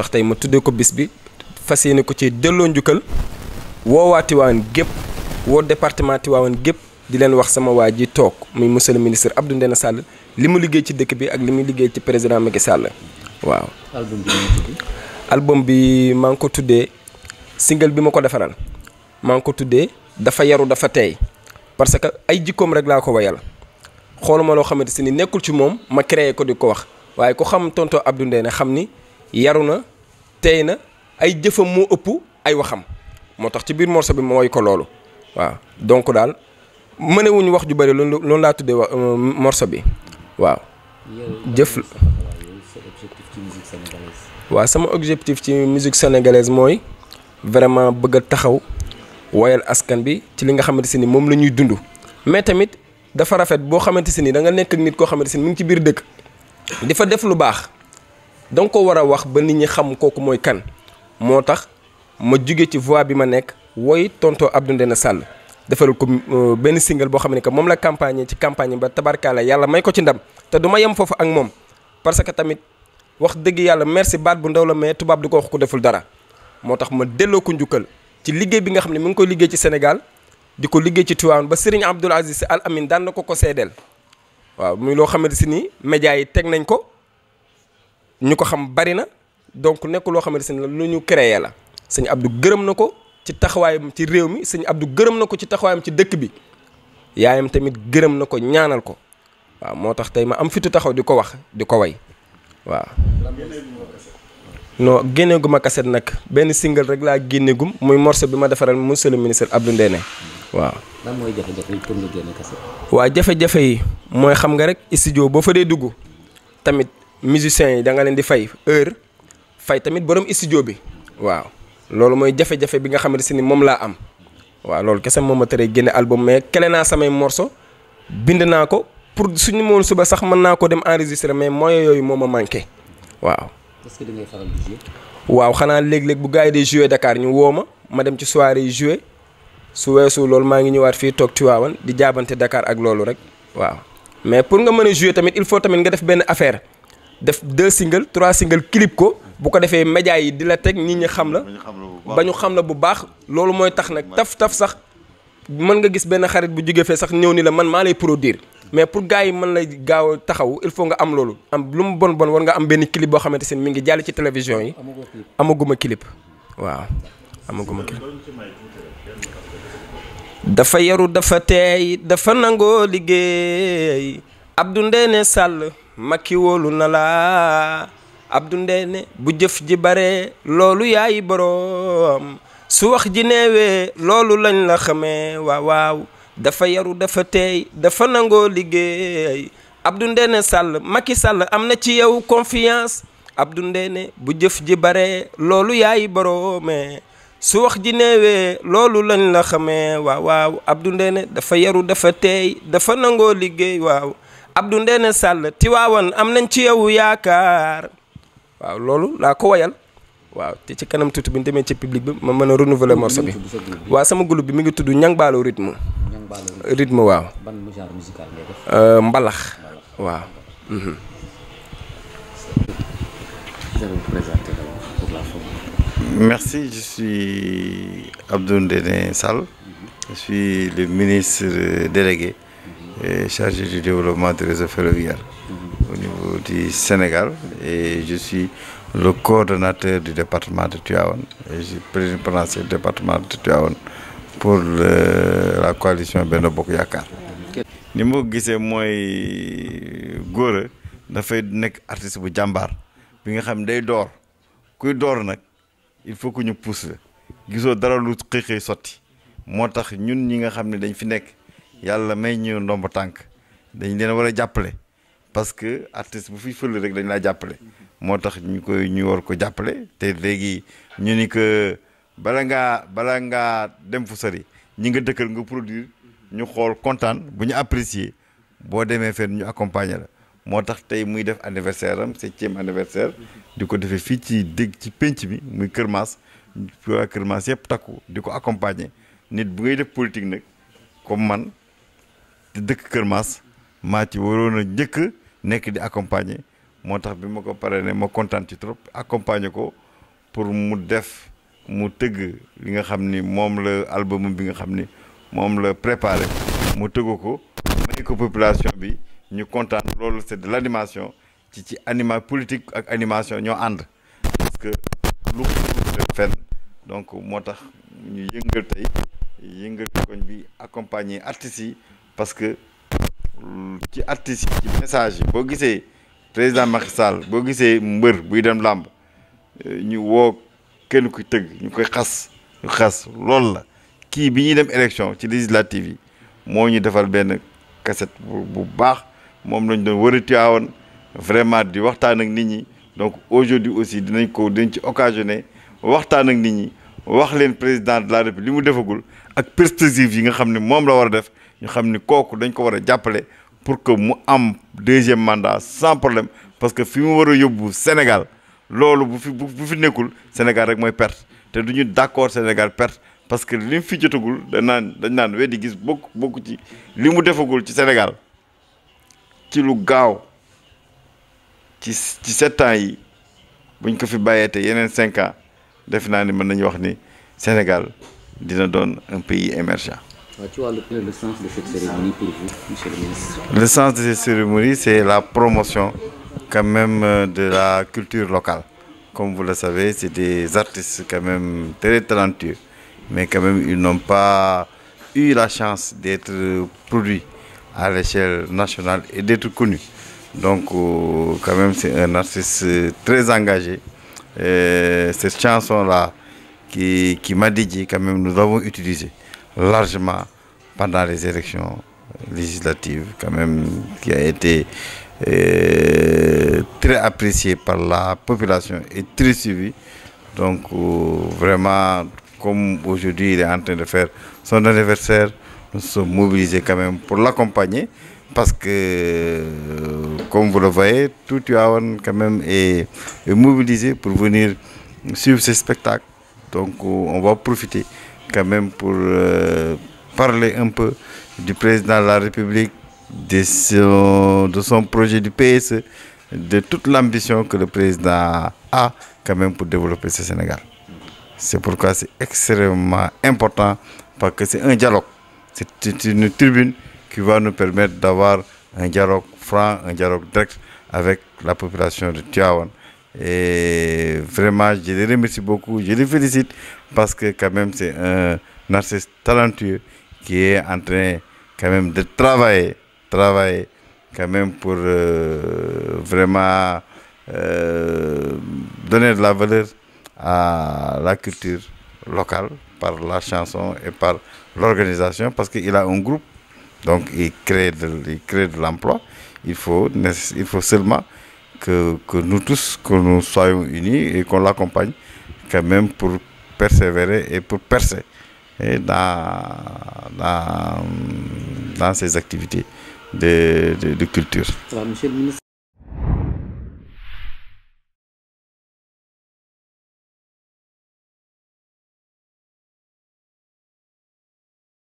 tax tey ma tuddee ko bis bi fas yéene ko ci dëlloo njukkal woo waa gépp woo département Tiwaawan gépp di leen wax sama waa ji toog muy monsieur le ministre Abdou Ndéné sàll li mu liggéey ci dëkk bi ak li mu liggéey ci président Macky Sall waaw. album bi maa ngi ko tuddee single bi ma ko defaral maa ngi ko tuddee dafa yaru dafa tey parce que ay jikkoom rek laa ko wayal xooluma loo xamante si ni nekkul ci moom ma créé ko di ko wax waaye ku xam tonton Abdou xam ni yaru na tey na ay jëfam moo ëpp ay waxam moo tax ci biir morceau bi mooy ko loolu waaw donc daal mënewuñu wax ju bari loolu laa tuddee wa euh, morceau bi waaw. jëf waa sama objectif ci musique sénégalaise mooy vraiment bëgg a taxaw woyal askan bi ci li nga xamante si ni moom la ñuy dund. mais tamit dafa rafet boo xamante si ni danga nekk ak nit koo xamante si ni mu ngi ci biir dëkk di fa def lu baax. da ko war a wax ba nit ñi xam kooku mooy kan moo tax ma jóge ci voix bi ma nekk woy ab Abdou Ndéné Sall defaral ko euh, benn single boo xam ne que moom la campagne ci campagne ba tabarkaale yàlla may ko ci ndam te du ma yem foofu ak moom parce que tamit wax dëgg yàlla merci baat bu ndaw la mais tubaab du ko wax ko deful dara moo tax ma delloo ko njukkal ci liggéey bi nga xam ne mu ngi koy liggéey ci Sénégal di ko liggéey ci Tivaouane ba Serigne Abdoul Aziz Al Amin daan ko ko seedeel waaw muy loo xamante si ni médias yi teg nañ ko ñu ko xam bari na donc nekk loo xamante ne lu ñu créé la sëñ Abdou gërëm na ko ci taxawaayam ci réew mi sëñ Abdou gërëm na ko ci taxawaayam ci dëkk bi yaayam tamit gërëm na ko ñaanal ko waaw moo tax tey ma am fitu taxaw di ko wax di ko way waa waaw. non génneeguma kaset nag benn single rek laa génneegum muy morceau bi ma defaral monsieur le ministre Abdou Ndéné waaw. lan mooy jafe-jafe yi pour yi mooy xam nga rek studio boo fa dee dugg tamit. musiciens yi da nga leen di fay heure fay tamit borom studio bi waaw loolu mooy jafe-jafe bi nga xamante si ni moom laa am waaw loolu kese moom ma tëree génne album mais kele naa samay morso bind naa ko pour suñu moon suba sax mën naa ko dem enregistrer mais moyens yooyu moo ma manqué waaw. est-ce que waaw xanaa léeg-léeg bu gars yi di jouer Dakar ñu woo ma ma dem ci soirée yi jouer su weesu loolu maa ngi ñëwaat fii toog Tivaouane di jaabante dakaar ak loolu rek waaw mais pour nga mën a jouer tamit il faut tamit def benn affaire. def deux singles trois singles clip ko bu ko defee média yi di la teg nit ñi xam la ba ñu xam la bu baax loolu mooy tax nag taf taf sax mën nga gis benn xarit bu jóge fee sax ñëw ni la man maa lay produire mais pour gars yi man lay gaaw taxaw il faut nga am loolu am lu mu bon bon war nga am benn clip boo xamante seen mu ngi jàll ci télévision yi amaguma clip waaw amaguma clip dafa yaru dafa teey dafa nangoo liggéey Abdou Ndéné Sall makki wóolu na la abdu ndeene bu jëf ji bare loolu yaay boroom su wax ji neewee loolu lañ la xamee waaw dafa yaru dafa teey dafa nangoo liggéey abdu ndeene sàll makki am na ci yow confiance abdu ndeene bu jëf ji bare loolu yaay boroomee su wax ji neewee loolu lañ la xamee waaw waaw abdu ndeene dafa yaru dafa teey dafa nangoo liggéey waaw Abdou Ndéné Sall Tiwaawan am nañ ci yow yaakaar waaw loolu laa ko woyal waaw te ci kanam tuuti bi ñu demee ci public bi ma mën a renouveler morceau bi waaw sama groupe bi mu ngi tudd Ñang Baalo rythme rythme waaw euh, mbalax waaw mhm. Merci, je suis Abdou Ndéné Sall. Mhm. Je suis le ministre délégué chargé du développement du réseau ferroviaire mhm. au du Sénégal et je suis le coordonnateur du département de Tuaon et je département de Tuaon pour la coalition benn Bokk Yaakaar ni ma ko gisee mooy góor dafay nekk artiste bu jàmbaar bi nga xam day door kuy door nag il faut que ñu pousse la gisoo dara lu xëy xëy sotti moo tax ñun ñi nga xam ne dañ fi nekk yàlla may ñu ndomb tànk dañ leen war a jàppale parce que artiste bu fi fël rek dañ laa jàppale moo tax ñu koy ñu war ko jàppale te léegi ñu ni que bala ngaa bala ngaa dem fu sori ñi nga dëkkal nga produire ñu xool kontaan bu ñu apprécier boo demee fenn ñu accompagner la moo tax tey muy def anniversaire am septième anniversaire di ko defee fii ci dégg ci pénc bi muy Kër Maas waa Kër Maas takku di ko accompagner nit bu ngay def politique nag dëkk Kër Maas maa ci waroon a njëkk nekk di accompagner moo tax bi ma ko paree ne ma kontaan ci trop accompagner ko pour mu def mu tëgg li nga xam ni moom la album bi nga xam ni moom la préparé mu tëgg ko may ko population bi ñu kontaan loolu sedd de l'animation ci ci anima politique ak animation ñoo ànd parce que lu fenn donc moo tax ñu yëngal tey yëngal koñ bi accompagner artistes parce que ci artiste yi ci message yi boo gisee président Macky Sall boo gisee mbër buy dem làmb euh, ñu woo kenn ku tëgg ñu koy xas ñu xas loolu la kii bi ñuy dem élection ci législative yi moo ñu defal benn cassette bu baax moom lañ doon wërati woon vraiment di waxtaan ak nit ñi donc aujourd'hui aussi dinañ ko dinañ ci occasionné waxtaan ak nit ñi wax leen président de la république li mu defagul ak perspectives yi nga xam ne moom la war a def ñu xam ni kooku dañ ko war a jàppale pour que mu am deuxième mandat sans problème parce que fi mu war a yóbbu Sénégal loolu bu fi bu fi nekkul Sénégal rek mooy perte te du ñu d'accord Sénégal perte parce que li mu jotagul naan dañ naan weddi gis bokk bokk ci li mu defagul ci Sénégal ci lu gaaw ci ci sept yi buñ ko fi bàyyee te yeneen cinq ans def naa ni mën nañu wax ni Sénégal dina doon un pays émergent le sens de cette cérémonie c'est la promotion quand même euh, de la culture locale. Comme vous le savez, c'est des artistes quand même très talentueux, mais quand même ils n'ont pas eu la chance d'être produits à l'échelle nationale et d'être connus. Donc euh, quand même c'est un artiste très engagé. Et cette chanson-là qui, m'a dédié, quand même nous l'avons utilisée. largement pendant les élections législatives, quand même, qui a été euh, très appréciée par la population et très suivie. Donc, euh, vraiment, comme aujourd'hui, il est en train de faire son anniversaire, nous sommes mobilisés quand même pour l'accompagner parce que, euh, comme vous le voyez, tout Tuawan quand même est, mobilisé pour venir suivre ce spectacle. Donc, euh, on va profiter quand même pour euh, parler un peu du président de la République, de son, de son projet du PSE, de toute l'ambition que le président a quand pour développer ce Sénégal. C'est pourquoi c'est extrêmement important parce que c'est un dialogue. C'est une tribune qui va nous permettre d'avoir un dialogue franc, un dialogue direct avec la population de Tiawan. vraiment, je les remercie beaucoup, je les félicite parce que quand même c'est un artiste talentueux qui est en quand même de travailler, travailler quand même pour euh, vraiment euh, donner de la valeur à la culture locale par la chanson et par l'organisation parce qu'il a un groupe, donc il crée de, il crée l'emploi. Il faut, il faut seulement que, que nous tous, que nous soyons unis et qu'on l'accompagne quand même pour persévérer et pour percer et eh, dans, dans, dans ces activités de, de, de culture.